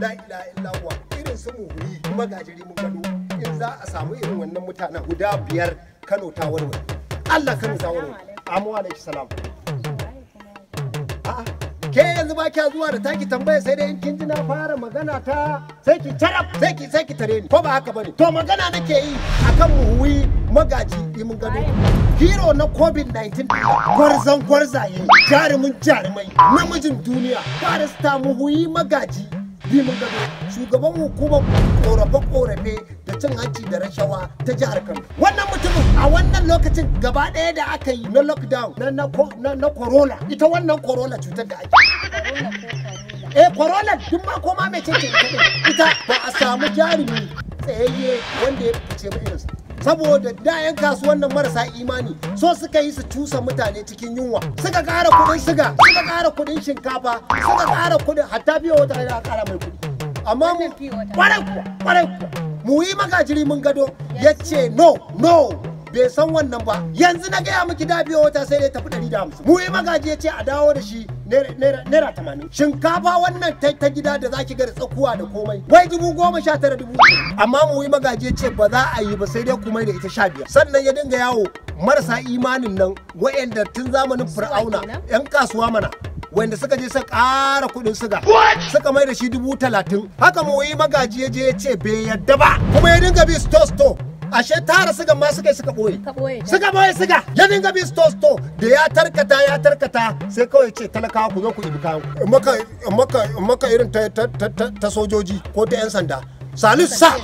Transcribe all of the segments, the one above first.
la ilaha illa irin su muhuri kuma gajiri mun gado in za a samu irin wannan mutanen guda biyar Kano ta warware Allah Kano ta warware amu alaikum salam a'a ke yanzu ba kya zuwa da taki tambaya sai dai in kin ji na fara magana ta sai ki tarab sai ki sai ki tare ni ko ba haka bane to magana nake yi akan muhuri magaji mun gado hero na covid-19 gwarzon gwarzaye jarumin jarumai namijin duniya barista muhuyi magaji liman gado shugaban hukumar korafe-korafe da cin hanci da rashawa ta jihar kano wannan mutumin a wannan lokacin gaba ɗaya da aka yi na lockdown na corona ita wannan corona cutar da ake eh corona duk ma koma mai ce ita ba a samu jarumi tsayayye wanda ya fice ba irinsa saboda da 'yan kasuwan nan marasa imani so suka yi su cusa mutane cikin yunwa suka ƙara kuɗin siga suka shinkafa suka ƙara kuɗin hatta biyo wata kai za kara mai amma mu kuwa kuwa mu yi magajiri mun gado ya ce no no bai san wannan ba yanzu na gaya miki da biyo wata sai dai tafi dari da hamsin mu yi magaji ya ce a dawo da shi naira tamanin shinkafa wannan ta gida da zaki ga da tsakuwa da komai wai dubu goma sha tara dubu amma mu yi magaji ya ce ba za a yi ba sai dai kuma da ita sha biyar sannan ya dinga yawo marasa imanin nan wa'anda tun zamanin fir'auna 'yan kasuwa mana wanda suka je suka ƙara kuɗin suga suka mai da shi dubu talatin haka mu yi magaji ya je ya ce bai yadda ba kuma ya dinga bi store store ashe tara sigan ma suka yi suka ɓoye suka ɓoye siga ya dinga bi store store da ya tarkata ya tarkata sai kawai ce talakawa ku zo ku ibi kayan maka maka irin ta sojoji ko ta yan sanda salisu sa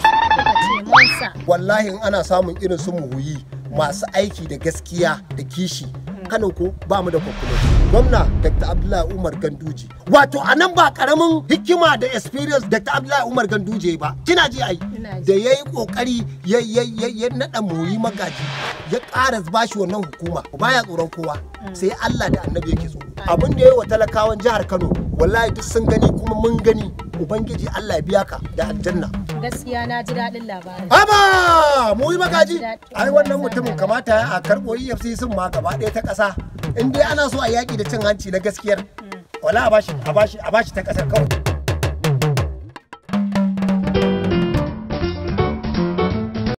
wallahi in ana samun irin su muhuyi masu aiki da gaskiya da kishi kano ko ba mu da kwakwalwa gwamna dr abdullahi umar ganduje wato a nan ba karamin hikima da experience dr abdullahi umar ganduje ba kina ji ai da ya yi kokari ya naɗa moyi magaji ya ƙara bashi wannan hukuma baya tsoron kowa mm. sai allah da annabi yake tsoro abin da ya yi wa talakawan jihar kano wallahi duk sun gani kuma mun gani ubangiji allah ya biya ka da aljanna gaskiya na ji daɗin labarin. Haba! Mu yi magaji? Ai wannan mutumin kamata ya karɓo EFCC sun ma gaba ɗaya ta ƙasa. in dai ana so a yaƙi da cin hanci na gaskiyar wala a bashi a bashi ta ƙasar kawai